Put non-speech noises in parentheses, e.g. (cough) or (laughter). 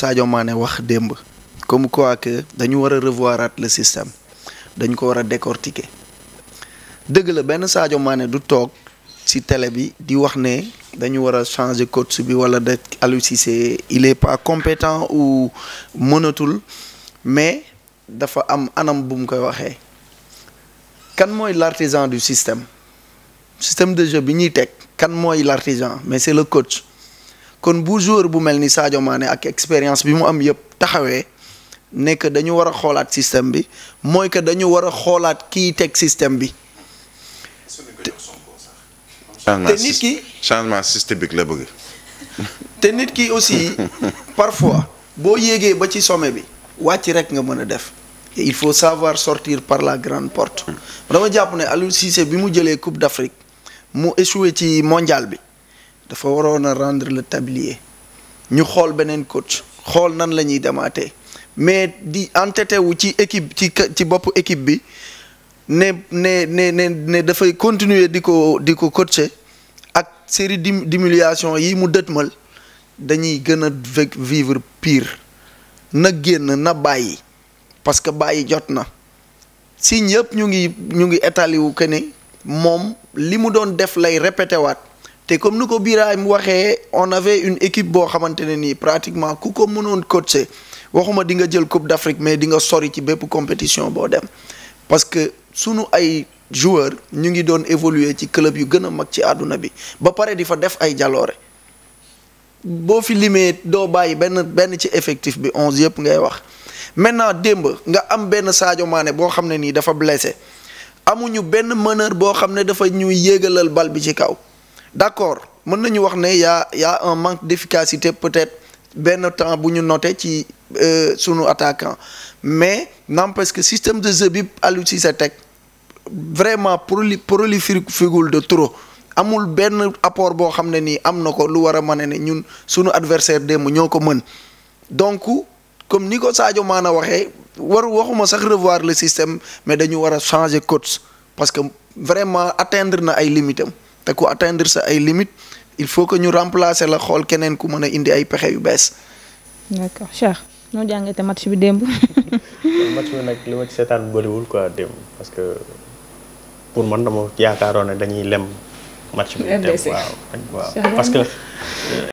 Sadio Mané wax démb comme quoi que dañu war a revoirat le système dañ ko war a décortiquer dëgg la benn Sadio Mané du toog ci télé bi di wax ne dañu war a changer coach bi wala de Aliou Cissé il est pas compétent ou mënatul mais dafa am anam bum koy waxee kan mooy l'artisan du système système de jeu bi ñuy teg kan mooy l'artisan mais c'est le coach kon bu jour bu mel ni Sadio Mané ak expérience bi mu am yëpp taxawee nekk que dañu war a xoolaat système bi mooy que dañu war a xoolaat kiy teg système bi. te nit ki changement systémique la bëgg. te nit ki aussi (laughs) parfois boo yéegee ba ci sommet bi wàcc rek nga mën a def. il faut savoir sortir par la grande porte. Hmm. dama jàpp ne Aliou bi mu jëlee Coupe d'Afrique mu échoué ci mondial bi. dafa waroon a rendre le tablier ñu xool beneen coach xool nan la ñuy demaatee mais di entêté wu ci équipe ci ci bopp équipe bi ne ne ne ne dafay continuer di ko di ko coacher ak série d'humiliation yi mu dëtmal dañuy gën a vivre piir na génn na bàyyi parce que bàyyi jot na signe yëpp ñu ngi ñu ngi étali wu que ne moom li mu doon def lay répété waat te comme ni ko mu waxee on avait une équipe boo xamante ne nii pratiquement ku ko mënoon coacher waxuma di nga jël coupe d'Afrique mais dinga sori ci bépp compétition boo dem parce que sunu ay joueurs ñu ngi doon évoluer ci club yu gën a mag ci àdduna bi ba pare di fa def ay jaloore boo fi limee doo bàyyi benn benn ci effectif bi onze yëpp ngay wax maintenant démb nga am benn Sadio Mané boo xam ne nii dafa blessé amuñu benn meneur boo xam ne dafa ñuy yéegalal bal bi ci kaw d'accord mën nañu wax ne yaa y'a un manque d'efficacité peut-être benn temps bu ñu noté ci euh, sunu attaquant mais parce que système de jeu bi Aliou Cissé teg vraiment proli prolifique figul de trop amul benn apport boo xam ne nii am na ko lu war a mën ne ñun sunu adversaire démb ñoo ko mën donc comme ni ko Sadio Mané waxee war waxuma sax revoir le système mais dañu war a changer coach parce que vraiment atteindre na ay limitam te ku atteindre sa ay limites il faut que ñu remplacer la xool keneen ku mën a indi ay pexe yu bees. d'accord Cheikh noo jàngate match bi démb. (laughs) match bi nag li ma ci seetaan bëriwul quoi démb parce que pour man dama yaakaaroon ne dañuy lem. match bi dem waaw parce que. (laughs)